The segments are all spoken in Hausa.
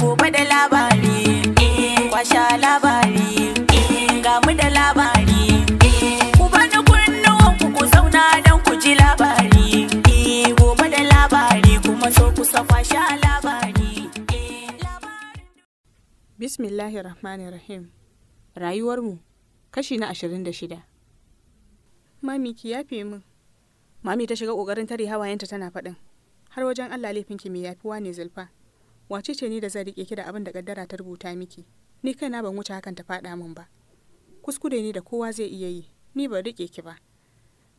gobe da labari eh, kwasha labari eh, ga mu da labari eh, ku bani kunnuwan ku ku zauna don ku ji labari gobe da labari kuma so ku safa sha labari bismillahir rahmanir rahim rayuwarmu kashi na ashirin da shida. mami ki yafe min mami ta shiga kokarin tare hawayenta tana faɗin har wajen allah laifinki mai yafiwa ne zulfa wace ce ni da zan rike ki da abin da kaddara ta rubuta miki ni kaina ban wuce hakan ta faɗa min ba kuskure ne da kowa zai iya yi ni ban rike ki ba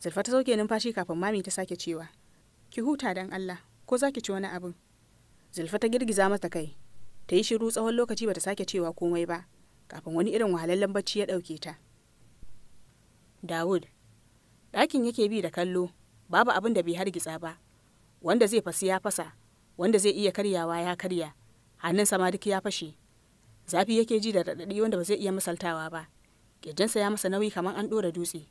zulfa ta sauke numfashi kafin mami ta sake cewa ki huta dan Allah ko za ki ci wani abin zulfa ta girgiza mata kai ta yi shiru tsawon lokaci ba ta sake cewa komai ba kafin wani irin wahalallen bacci ya ɗauke ta Dawud dakin yake bi da kallo babu abin da bai hargitsa ba wanda zai fasi ya fasa wanda zai iya karyawa ya karya hannun sama duk ya fashe zafi yake ji da raɗaɗi wanda ba zai iya misaltawa ba ƙirjinsa ya masa nauyi kamar an ɗora dutse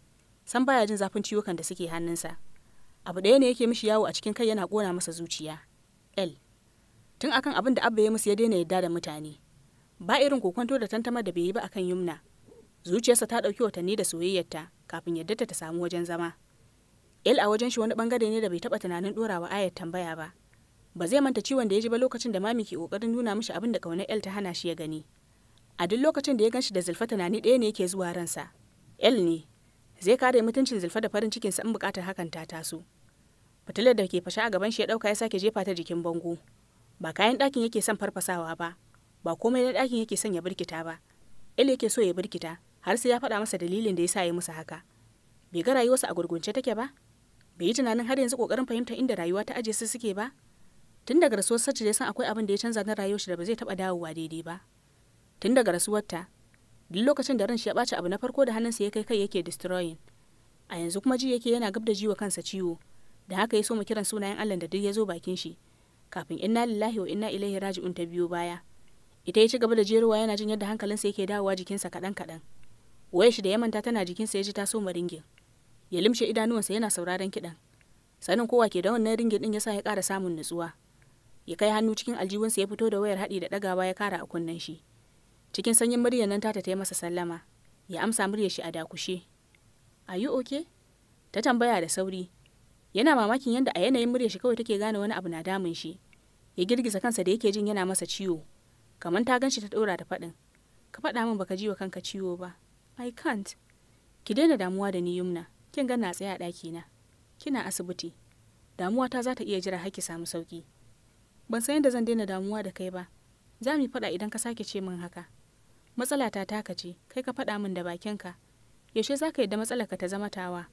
san baya jin zafin ciwukan da suke hannunsa abu ɗaya ne yake mishi yawo a cikin kai yana ƙona masa zuciya l tun akan abin da abba ya musu ya daina yadda da mutane ba irin kokwanto da tantama da bai yi ba akan yumna zuciyarsa ta ɗauki watanni da soyayyarta kafin yadda ta samu wajen zama l a wajen shi wani bangare ne da bai taɓa tunanin ɗorawa ayar tambaya ba ba zai manta ciwon da ya ji ba lokacin da mami ke kokarin nuna mishi abin da kaunar el ta hana shi ya gani a duk lokacin da ya ganshi da zulfa tunani ɗaya ne yake zuwa ransa el ne zai kare mutuncin zulfa da farin cikin sa in bukatar hakan ta taso fitilar da ke fasha a gaban shi ya dauka ya sake jefa ta jikin bango ba kayan ɗakin yake son farfasawa ba ba komai na ɗakin yake son ya birkita ba el yake so ya birkita har sai ya faɗa masa dalilin da ya sa ya musu haka bai ga rayuwarsa a gurgunce take ba bai yi tunanin har yanzu kokarin fahimtar inda rayuwa ta aje su suke ba tun daga rasuwar sace ya san akwai abin da ya canza na rayuwar shi da ba zai taba dawowa daidai ba tun daga rasuwar ta duk lokacin da ran shi ya bace abu na farko da hannunsa ya kai kai yake destroying a yanzu kuma ji yake yana gab da jiwa kansa ciwo da haka ya so mu kiran sunayen Allah da duk ya zo bakin shi kafin inna lillahi wa inna ilaihi raji'un ta biyo baya ita ya ci gaba da jeruwa yana jin yadda hankalinsa yake dawowa jikinsa kaɗan kaɗan wayar shi da ya manta tana jikinsa ya ji ta so ringin ya limshe idanuwansa yana sauraron kiɗan sanin kowa ke da wannan ringin din yasa ya ƙara samun nutsuwa ya kai hannu cikin aljihunsa ya fito da wayar haɗi da ɗagawa ya kara a kunnen shi cikin sanyin muryar nan tata ta yi masa sallama ya amsa murya shi a dakushe a yi oke ta tambaya da sauri yana mamakin yadda a yanayin muryar shi kawai take gane wani abu na damun shi ya girgiza kansa da yake jin yana masa ciwo kamar ta ganshi ta ɗora da faɗin ka faɗa min baka ji wa kanka ciwo ba i can't ki daina damuwa da ni yumna kin ga na tsaya a ɗakina kina asibiti Damuwata ta za ta iya jira har ki samu sauki ban san yadda zan daina damuwa da kai ba za mu faɗa idan ka sake ce min haka matsala ta taka ce kai ka faɗa min da bakinka yaushe za ka yadda ka ta zama tawa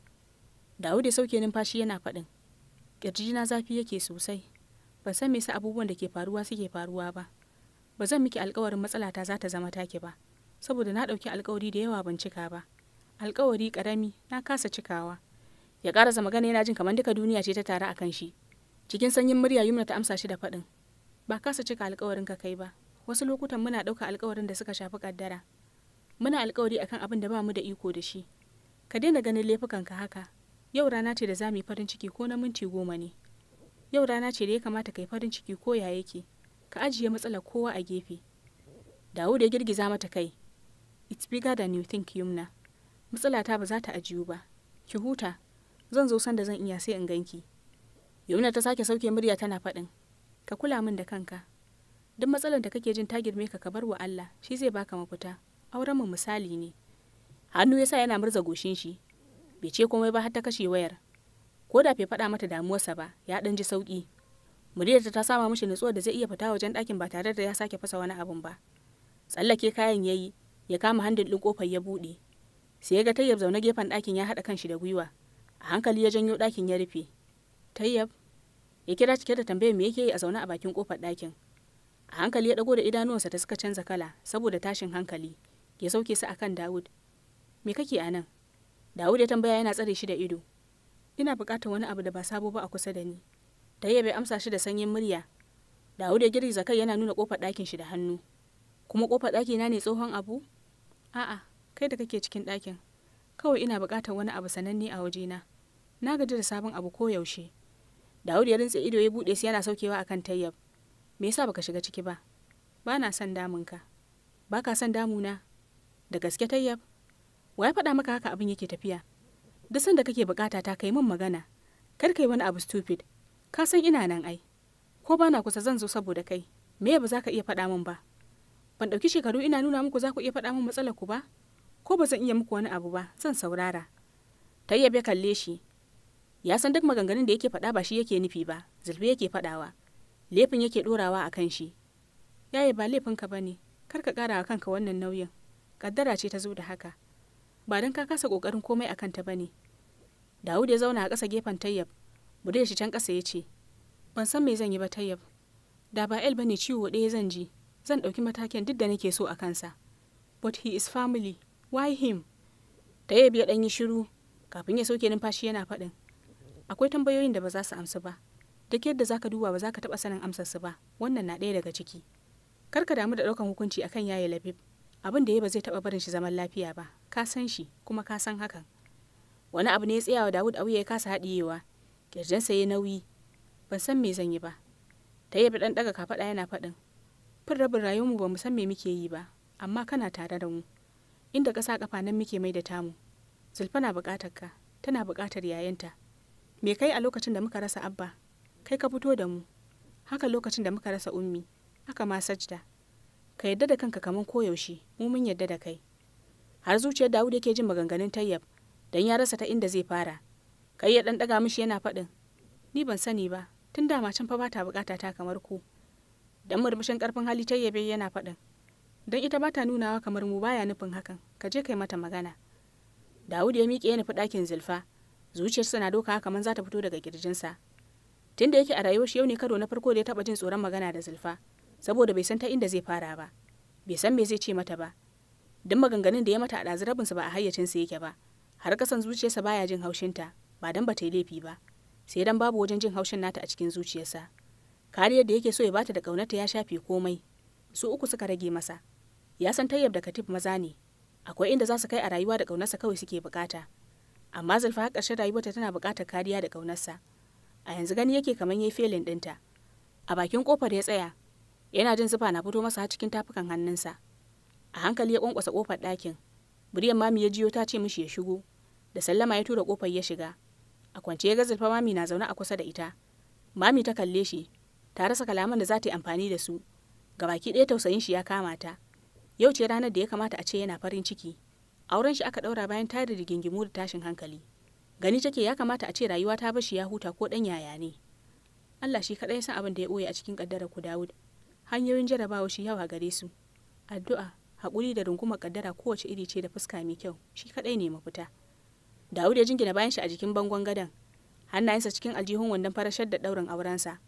Dawud ya sauke numfashi yana faɗin Ƙirji na zafi yake sosai ban san me yasa abubuwan da ke faruwa suke faruwa ba ba zan miki alkawarin ta za ta zama take ba saboda na ɗauki alkawari da yawa ban cika ba alkawari ƙarami na kasa cikawa ya ƙarasa magana yana jin kamar duka duniya ce ta tare a kan shi cikin sanyin murya yumna ta amsa shi da faɗin ba kasa cika alkawarin ka kai ba wasu lokutan muna ɗauka alkawarin da suka shafi ƙaddara. muna alkawari akan abin da ba mu da iko da shi ka daina ganin laifukan ka haka yau rana ce da za mu yi farin ciki ko na minti goma ne yau rana ce da ya kamata ka yi farin ciki ko ya yake ka ajiye matsalar kowa a gefe dawo ya girgiza mata kai it's bigger than you think yumna matsala ta ba za ta ajiyu ba ki huta zan zo sanda zan iya sai in ganki Yumna ta sake sauke murya tana faɗin, ka kula min da kanka. Duk matsalar da kake jin ta girme ka ka bar wa Allah, shi zai baka mafita. Auren mu misali ne. Hannu yasa yana murza goshin shi. Bai ce komai ba har ta kashe wayar. Ko da bai faɗa mata damuwarsa ba, ya ɗan ji sauƙi. Muryarta ta sama mishi nutsuwa da zai iya fita wajen ɗakin ba tare da ya sake fasa wani abun ba. Tsallake kayan yayi, ya kama handin ɗin ƙofar ya buɗe. sai ya ga tayyab zaune gefen ɗakin ya haɗa kanshi da gwiwa a hankali ya janyo ɗakin ya rufe tayyab ya kira cike da tambayar me yake yi a zaune a bakin kofar ɗakin a hankali ya ɗago da idanuwansa ta suka canza kala saboda tashin hankali ya sauke su akan dawud me kake a nan dawud ya tambaya yana tsare shi da ido ina buƙatar wani abu da ba sabo ba a kusa da ni tayyab ya amsa shi da sanyin murya dawud ya girgiza kai yana nuna kofar ɗakin shi da hannu kuma kofar ɗaki na ne tsohon abu a'a kai da kake cikin ɗakin kawai ina buƙatar wani abu sananne a wajena na gaji da sabon abu koyaushe Dawud ya rintse ido ya buɗe su yana saukewa akan Tayyab. Me yasa baka shiga ciki ba? Ba na son damunka. Ba ka son damuna? Da gaske Tayyab? Wa faɗa maka haka abin yake tafiya? Duk sanda kake bukata ta kai min magana. Kar kai wani abu stupid. Ka san ina nan ai. Ko ba na kusa zan zo saboda kai. Me ba za ka iya faɗa min ba? Ban ɗauki shekaru ina nuna muku za ku iya faɗa min matsalar ku ba? Ko ba zan iya muku wani abu ba? Zan saurara. Tayyab ya kalle shi ya san duk maganganun da yake faɗa ba shi yake nufi ba zulfi yake faɗawa laifin yake ɗorawa a kan shi yaye ba laifinka ba ne kar ka ƙara wa kanka wannan nauyin ƙaddara ce ta zo da haka ba don ka kasa ƙoƙarin komai a kanta ba ne dawud ya zauna a ƙasa gefen tayyab bude shi can ƙasa ya ce ban san me zan yi ba tayyab da ba el ba ne ciwo ɗaya zan ji zan ɗauki matakin duk da nake so a kansa but he is family why him tayyab ya ɗan yi shiru kafin ya soke numfashi yana faɗin akwai tambayoyin da ba za su amsu ba duk yadda za ka duba ba za ka taɓa sanin amsar su ba wannan na ɗaya daga ciki kar ka damu da ɗaukan hukunci akan yaye labib abin da ya ba zai taɓa barin shi zaman lafiya ba ka san shi kuma ka san hakan wani abu ne ya tsayawa dawud a wuya ya kasa haɗiyewa Ƙirjinsa ya nauyi ban san me zan yi ba ta yi ɗan ɗaga kafaɗa yana faɗin fin rabin rayuwarmu ba mu san me muke yi ba amma kana tare da mu inda ƙasa ƙafa nan muke mai da tamu zulfa na buƙatar ka tana buƙatar yayanta me kai a lokacin da muka rasa abba kai ka fito da mu haka lokacin da muka rasa ummi haka ma sajda ka yadda da kanka kamar koyaushe mu mun yadda da kai har zuciyar dawud yake jin maganganun tayyab dan ya rasa ta inda zai fara kai ya ɗanɗaga daga mishi yana faɗin ni ban sani ba tun da can fa bata bukata ta kamar ku dan murmushin karfin hali tayyabe yana faɗin dan ita bata nunawa kamar mu baya nufin hakan ka je kai mata magana dawud ya miƙe ya nufi ɗakin zulfa zuciyarsa na doka kamar za ta fito daga kirjinsa tun da yake a rayuwar shi yau ne karo na farko da ya taba jin tsoron magana da zulfa saboda bai san ta inda zai fara ba bai san me zai ce mata ba duk maganganun da ya mata a ɗazu rabinsa ba a hayyacinsa yake ba har kasan zuciyarsa baya jin haushinta ba dan ba ta yi laifi ba sai dan babu wajen jin haushin nata a cikin zuciyarsa kariyar da yake so ya bata da kaunarta ya shafe komai su uku suka rage masa ya san tayyab da katif maza ne akwai inda za su kai a rayuwa da kaunarsa kawai suke bukata amma zulfa har ƙarshen rayuwarta tana buƙatar kariya da ƙaunarsa a yanzu gani yake kamar yayi felin ɗinta a bakin ƙofar ya tsaya yana jin zufa na fito masa cikin tafukan hannunsa a hankali ya ƙwanƙwasa ƙofar ɗakin Buryan mami ya jiyo ta ce mishi ya shigo da sallama ya tura ƙofar ya shiga a kwance ya ga zulfa mami na zaune a kusa da ita mami ta kalle shi ta rasa kalaman da za ta yi amfani da su gabaki ɗaya tausayin shi ya kama ta yau ce ranar da ya kamata a ce yana farin ciki auren shi aka ɗaura bayan tada rigingimu da tashin hankali gani take ya kamata a ce rayuwa ta bashi ya huta ko dan yaya ne Allah shi kadai san abin da ya boye a cikin kaddara ku Dawud hanyoyin jarabawa shi yawa gare su addu'a hakuri da runguma kaddara kowace iri ce da fuska mai kyau shi kadai ne mafita Dawud ya jingina bayan shi a jikin bangon gadan hannayensa cikin aljihun wandon farashar da ɗaurin aurensa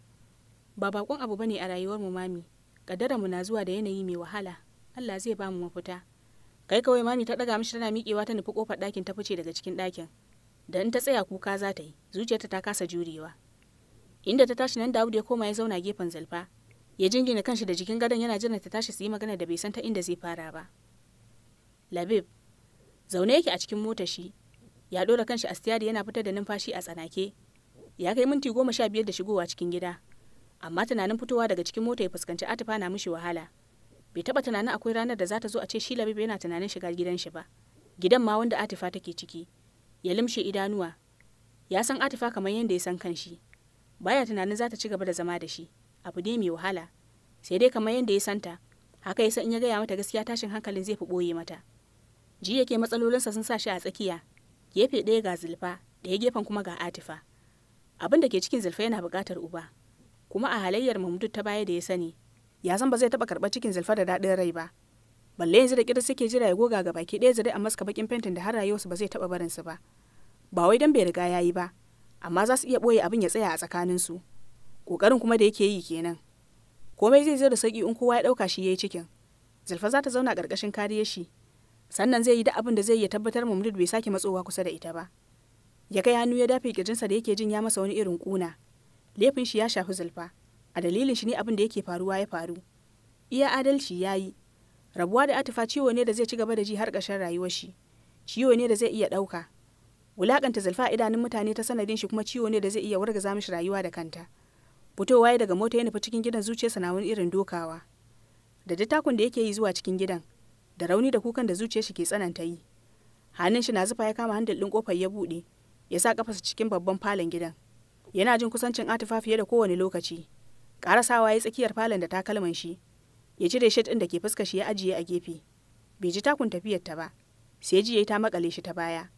ba bakon abu bane a rayuwar mu mami kaddara mu na zuwa da yanayi mai wahala Allah zai ba mu mafita kai kawai mami ta daga mishi tana miƙewa ta nufi kofar ɗakin ta fice daga cikin ɗakin da in ta tsaya kuka za ta yi zuciyarta ta kasa jurewa inda ta tashi nan Dawud ya koma ya zauna gefen zalfa ya jingina kanshi da jikin gadon yana jiran ta tashi su yi magana da bai san ta inda zai fara ba Labib zaune yake a cikin motar shi ya dora kanshi a stiyari yana fitar da numfashi a tsanake ya kai minti goma sha biyar da shigowa cikin gida amma tunanin fitowa daga cikin mota ya fuskanci atifa na mishi wahala bai taba tunanin akwai ranar da za ta zo a ce shi labiba yana tunanin shiga gidan shi ba gidan ma wanda atifa take ciki ya limshe idanuwa ya san atifa kamar yadda ya san kanshi baya tunanin za ta ci gaba da zama da shi abu ne mai wahala sai dai kamar yadda ya santa haka ya san in ya gaya mata gaskiya tashin hankalin zai fi boye mata ji yake matsalolinsa sun sa shi a tsakiya gefe ɗaya ga zulfa ɗaya gefen kuma ga atifa abin da ke cikin zulfa yana buƙatar uba kuma a halayyar mamdud ta baya da ya sani ya san ba zai taɓa karɓar cikin zulfa da daɗin rai ba balle yanzu da su suke jira ya goga ga baki ɗaya zare a maska bakin fentin da har rayuwarsu ba zai taɓa barin su ba ba wai dan bai riga ya yi ba amma za su iya ɓoye abin ya tsaya a su ƙoƙarin kuma da yake yi kenan komai zai zo da sauƙi in kowa ya ɗauka shi ya yi cikin zulfa za ta zauna ƙarƙashin kariyar shi sannan zai yi da abin da zai iya tabbatar mamlud bai sake matsowa kusa da ita ba ya kai hannu ya dafe kirjinsa da yake jin ya masa wani irin ƙuna laifin shi ya shafi zulfa a dalilin shi ne abin da yake faruwa ya faru iya adalci ya yi rabuwa da atifa ciwo ne da zai ci gaba da ji har ƙarshen rayuwar shi ciwo ne da zai iya ɗauka wulaƙanta zalfa a idanun mutane ta sanadin shi kuma ciwo ne da zai iya wargaza mishi rayuwa da kanta fitowa ya daga mota ya nufi cikin gidan zuciyarsa na wani irin dokawa da dattakun da yake yi zuwa cikin gidan da rauni da kukan da zuciyar shi ke tsananta yi hannun shi na zufa ya kama handal ɗin kofar ya buɗe ya sa kafasa cikin babban falon gidan yana jin kusancin atifa fiye da kowane lokaci Karasawa ya tsakiyar falon da takalman shi, ya cire shi ɗin da ke fuska shi ya ajiye a gefe. Bai ji takun tafiyar ta ba, sai ji yayi ta makale shi ta baya.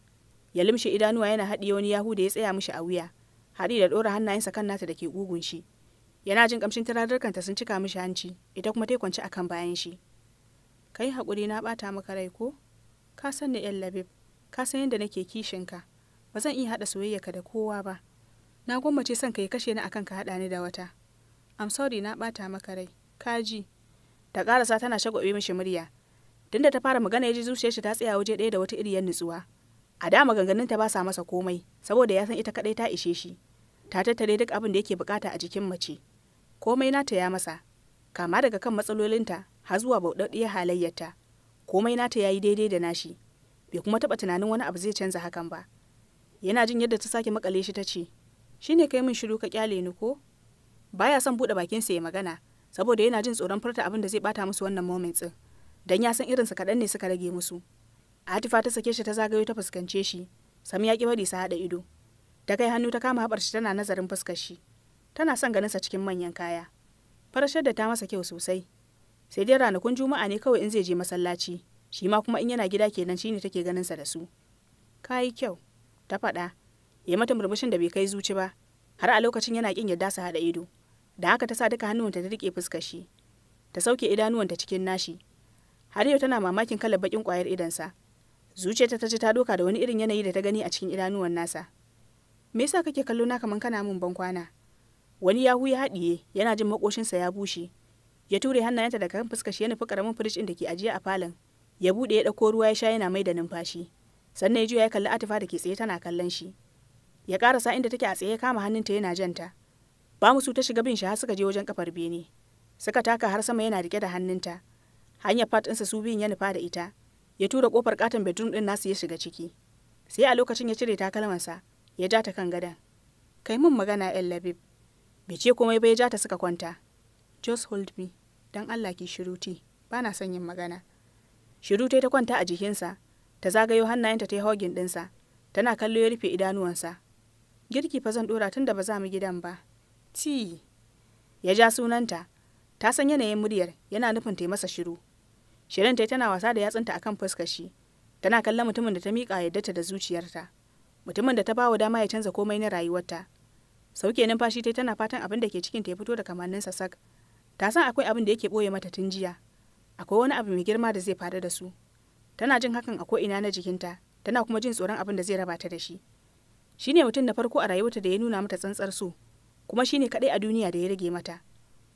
Ya limshe idanuwa yana haɗiye wani yahu da ya tsaya mishi a wuya, haɗi da ɗora hannayensa kan nata da ke ƙugun shi. Yana jin ƙamshin turarurkanta sun cika mishi hanci, ita kuma ta kwanci akan bayan shi. Kai hakuri na bata maka rai ko? Ka san ni yan labib, ka san yadda nake ka. Ba zan iya haɗa soyayyarka da kowa ba. Na gwammace son ka ya kashe ni akan ka haɗa ni da wata. I'm sorry na bata maka rai, kaji. Ta ƙarasa tana shagwabe mishi murya. Tunda ta fara magana ya ji zuciyar shi ta tsaya waje ɗaya da wata iriyar nutsuwa. A da ta ba sa masa komai, saboda ya san ita kadai ta ishe shi. Ta tattare duk abin da yake bukata a jikin mace. Komai nata ya masa, kama daga kan matsalolinta har zuwa bauɗaɗɗiyar halayyarta. Komai nata ya yi daidai da nashi, bai kuma taɓa tunanin wani abu zai canza hakan ba. Yana jin yadda ta sake makale shi ta ce, Shi ne kai min shiru ka kyale ni ko? baya son buɗe bakinsa ya magana saboda yana jin tsoron furta abin da zai bata musu wannan moment din dan ya san irin sa kaɗan ne suka rage musu Atifa ta sake shi ta zagayo ta fuskance shi Sami ya ki bari sa haɗa ido ta kai hannu ta kama haɓar shi tana nazarin fuskar shi tana son ganin sa cikin manyan kaya farashar da ta masa kyau sosai sai dai ranakun juma'a ne kawai in zai je masallaci shi ma kuma in yana gida kenan shine take ganin sa da su kai kyau ta faɗa ya mata murmushin da bai kai zuci ba har a lokacin yana kin yadda su haɗa ido da haka ta sa duka hannuwanta ta rike fuskar shi ta sauke idanuwanta cikin nashi har yau tana mamakin kalar bakin kwayar idansa zuciyarta ta ji ta doka da wani irin yanayi da ta gani a cikin idanuwan nasa me yasa kake kallo na kaman kana min ban kwana wani yahu ya haɗiye yana jin makoshinsa ya bushe ya ture hannayenta daga kan fuskar shi ya nufi karamin firij ɗin da ke ajiye a falon ya buɗe ya ɗauko ruwa ya sha yana mai da numfashi sannan ya juya ya kalli atifa da ke tsaye tana kallon shi ya karasa inda take a tsaye ya kama hannunta yana janta ba su ta shiga bin shi suka je wajen kafar bene suka taka har sama yana rike da hannunta hanyar fat ɗinsa su biyun ya nufa da ita ya tura kofar katon bedroom ɗin nasu ya shiga ciki sai a lokacin ya cire takalmansa ya ja ta kan gadon kai mun magana yan labib bai ce komai ba ya ja ta suka kwanta just hold me don allah ki shiruti ba na son yin magana Shiru ta kwanta a jikinsa ta zagayo hannayenta ta yi hogin ɗinsa tana kallo ya rufe idanuwansa girki fa zan ɗora tun da ba za mu gidan ba Ti! Ya ja sunanta, ta san yanayin muryar yana nufin ta masa shiru. Shirin ta tana wasa da yatsunta akan fuska shi, tana kallon mutumin da ta miƙa yaddata da zuciyarta. Mutumin da ta bawa dama ya canza komai na rayuwarta. Sauke numfashi ta tana fatan abin da ke cikin ta ya fito da kamanninsa sak. Ta san akwai abin da yake ɓoye mata tun jiya. Akwai wani abu mai girma da zai faru da su. Tana jin hakan a ko'ina na jikinta, tana kuma jin tsoron abin da zai raba ta da shi. Shi ne mutum na farko a rayuwarta da ya nuna mata tsantsar so kuma shine kadai a duniya da ya rage mata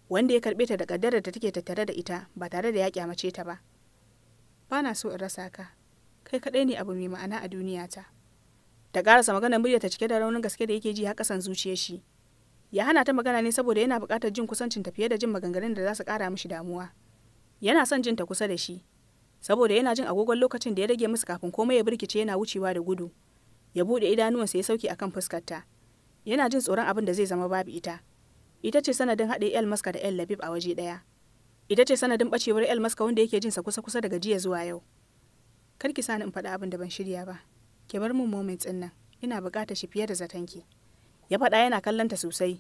wanda ya karbe ta da kaddarar da take tattare da ita ba tare da ya mace ta ba bana so in rasa ka kai kadai ne abu mai ma'ana a duniya ta da karasa magana murya ta cike da raunin gaske da yake ji har kasan zuciyar shi ya hana ta magana ne saboda yana buƙatar jin kusancin ta fiye da jin maganganun da za su ƙara mishi damuwa yana son jin ta kusa da shi saboda yana jin agogon lokacin da ya rage musu kafin komai ya birkice yana wucewa da gudu ya buɗe idanuwansa ya sauke akan fuskarta yana jin tsoron abin da zai zama babu ita ita ce sanadin haɗe el maska da el labib a waje ɗaya ita ce sanadin ɓacewar el maska wanda yake jinsa kusa kusa daga jiya zuwa yau kar ki sani in faɗi abin da ban shirya ba ki bar min moment ɗin nan ina buƙatar shi fiye da zatonki. ya faɗa yana kallon ta sosai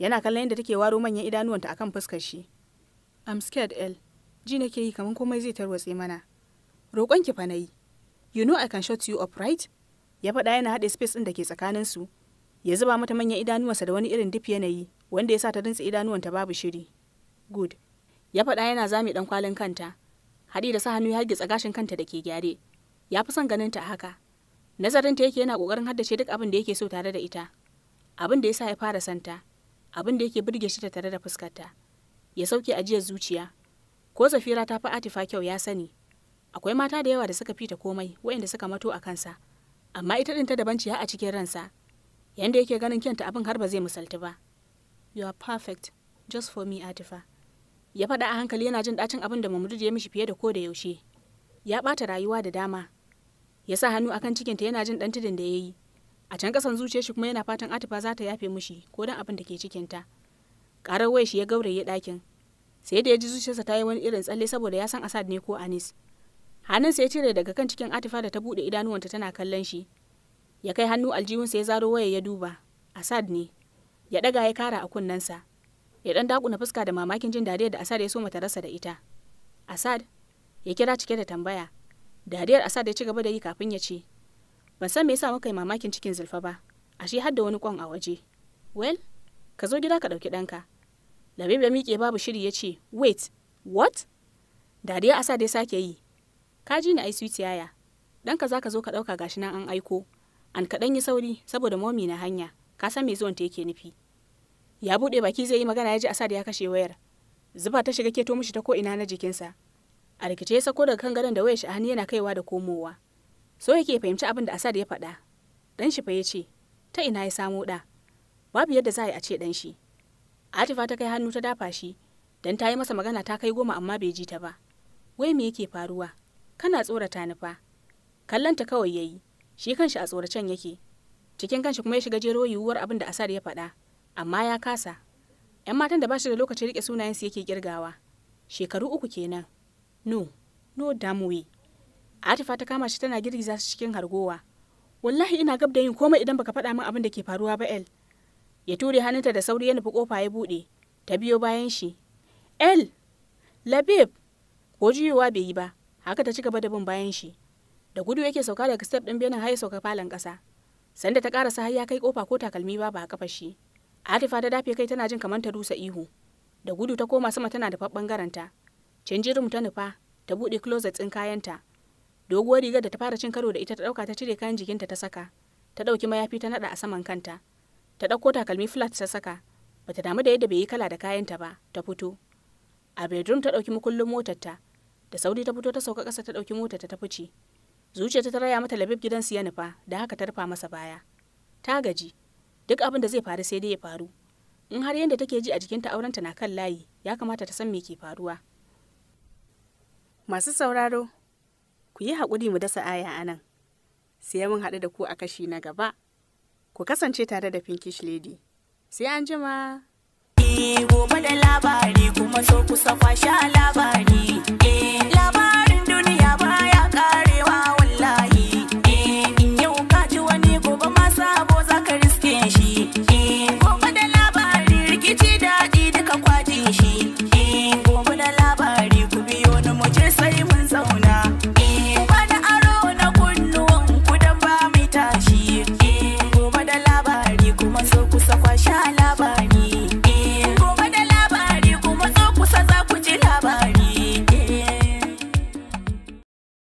yana kallon yadda take waro manyan idanuwanta akan fuskar shi i'm scared el ji nake yi kamar komai zai tarwatse mana roƙon ki fa nayi you know i can shut you up right ya faɗa yana haɗe space ɗin da ke tsakaninsu ya zuba mata manyan idanuwansa da wani irin duf yanayi wanda ya sa ta rintsi idanuwanta babu shiri good ya faɗa yana zame dan kwalin kanta haɗi da sa hannu ya hargitsa gashin kanta da ke gyare ya fi son ganin ta haka Nazarin nazarinta yake yana ƙoƙarin haddace duk abin da yake so tare da ita abin da ya sa ya fara santa abin da yake burge shi ta tare da fuskarta ya sauke ajiyar zuciya ko zafira ta fi atifa kyau ya sani akwai mata da yawa da suka fita komai waɗanda suka mato a kansa amma ita ɗin ta daban ciya a cikin ransa yanda yake ganin kyanta abin har ba zai misalti ba you are perfect just for me atifa ya faɗa a hankali yana jin ɗacin abin da mamudud ya mishi fiye da ko da yaushe ya ɓata rayuwa da dama ya sa hannu akan cikinta yana jin ɗan tudun da ya yi a can ƙasan zuciya shi kuma yana fatan atifa za ta yafe mishi ko don abin da ke cikinta ƙarar wai shi ya gauraye ɗakin sai da ya ji zuciyarsa ta yi wani irin tsalle saboda ya san asad ne ko anis hannunsa ya cire daga kan cikin atifa da ta buɗe idanuwanta tana kallon shi ya kai hannu aljihunsa ya zaro waya ya duba asad ne ya daga ya kara a kunnensa ya dan dakuna fuska da mamakin jin dariyar da asad ya so mata rasa da ita asad ya kira cike da tambaya dariyar asad ya ci gaba da yi kafin ya ce ban san me yasa muka mamakin cikin zulfa ba ashe har da wani kwan a waje well ka zo gida ka ɗauki ɗanka labib ya miƙe babu shiri ya ce wait what Dariyar asad ya sake yi ka ji ni ai sweet yaya ɗanka za ka zo ka ɗauka gashi nan an aiko an kaɗan yi sauri saboda momi na hanya ka san me zuwan ta yake nufi ya buɗe baki zai yi magana ya ji asad ya kashe wayar zuba ta shiga keto mishi ta ko ina na jikinsa a rikice ya sako daga kan gadon da wayar shi hannu yana kaiwa da komowa so yake fahimci abin da asad ya faɗa dan shi ya ce ta ina ya samo ɗa babu yadda za a yi a ce dan shi atifa ta kai hannu ta dafa shi dan ta yi masa magana ta kai goma amma bai ji ta ba wai me yake faruwa kana tsorata ni fa kallanta kawai yayi shi kanshi a tsoracen yake cikin kanshi kuma ya shiga jero yiwuwar abin da asar ya faɗa amma ya kasa yan matan da ba shi da lokacin rike sunayensu yake kirgawa shekaru uku kenan no no damwe atifa ta kama shi tana girgiza su cikin hargowa wallahi ina gab da yin komai idan baka faɗa min abin da ke faruwa ba el ya ture hannunta da sauri ya nufi kofa ya buɗe ta biyo bayan shi el labib ko juyowa bai yi ba haka ta ci gaba da bin bayan shi da gudu yake sauka daga step din benin har sauka falon ƙasa. sanda ta karasa har ya kai kofa ko takalmi ba a kafa shi atifa ta dafe kai tana jin kamar ta dusa ihu da gudu ta koma sama tana da garanta. canji rum ta nufa ta buɗe closet ɗin kayanta doguwar rigar da ta fara cin karo da ita ta ɗauka ta cire kayan jikinta ta saka ta ɗauki mayafi ta naɗa a saman kanta ta ɗauko takalmi flat ta saka bata damu da yadda bai yi kala da kayanta ba ta fito a bedroom ta ɗauki mukullin motarta da sauri ta fito ta sauka ƙasa ta ɗauki motarta ta fice zuciya ta raya mata labib gidansu ya nufa da haka ta rufa masa baya ta gaji duk abin da zai faru sai dai ya faru in har yadda take ji a jikinta aurenta na kan layi ya kamata ta san me ke faruwa masu sauraro ku yi hakuri mu dasa aya a nan sai mun haɗu da ku a kashi na gaba ku kasance tare da pinkish lady sai an jima Ibo da labari kuma so kusa kwashe labari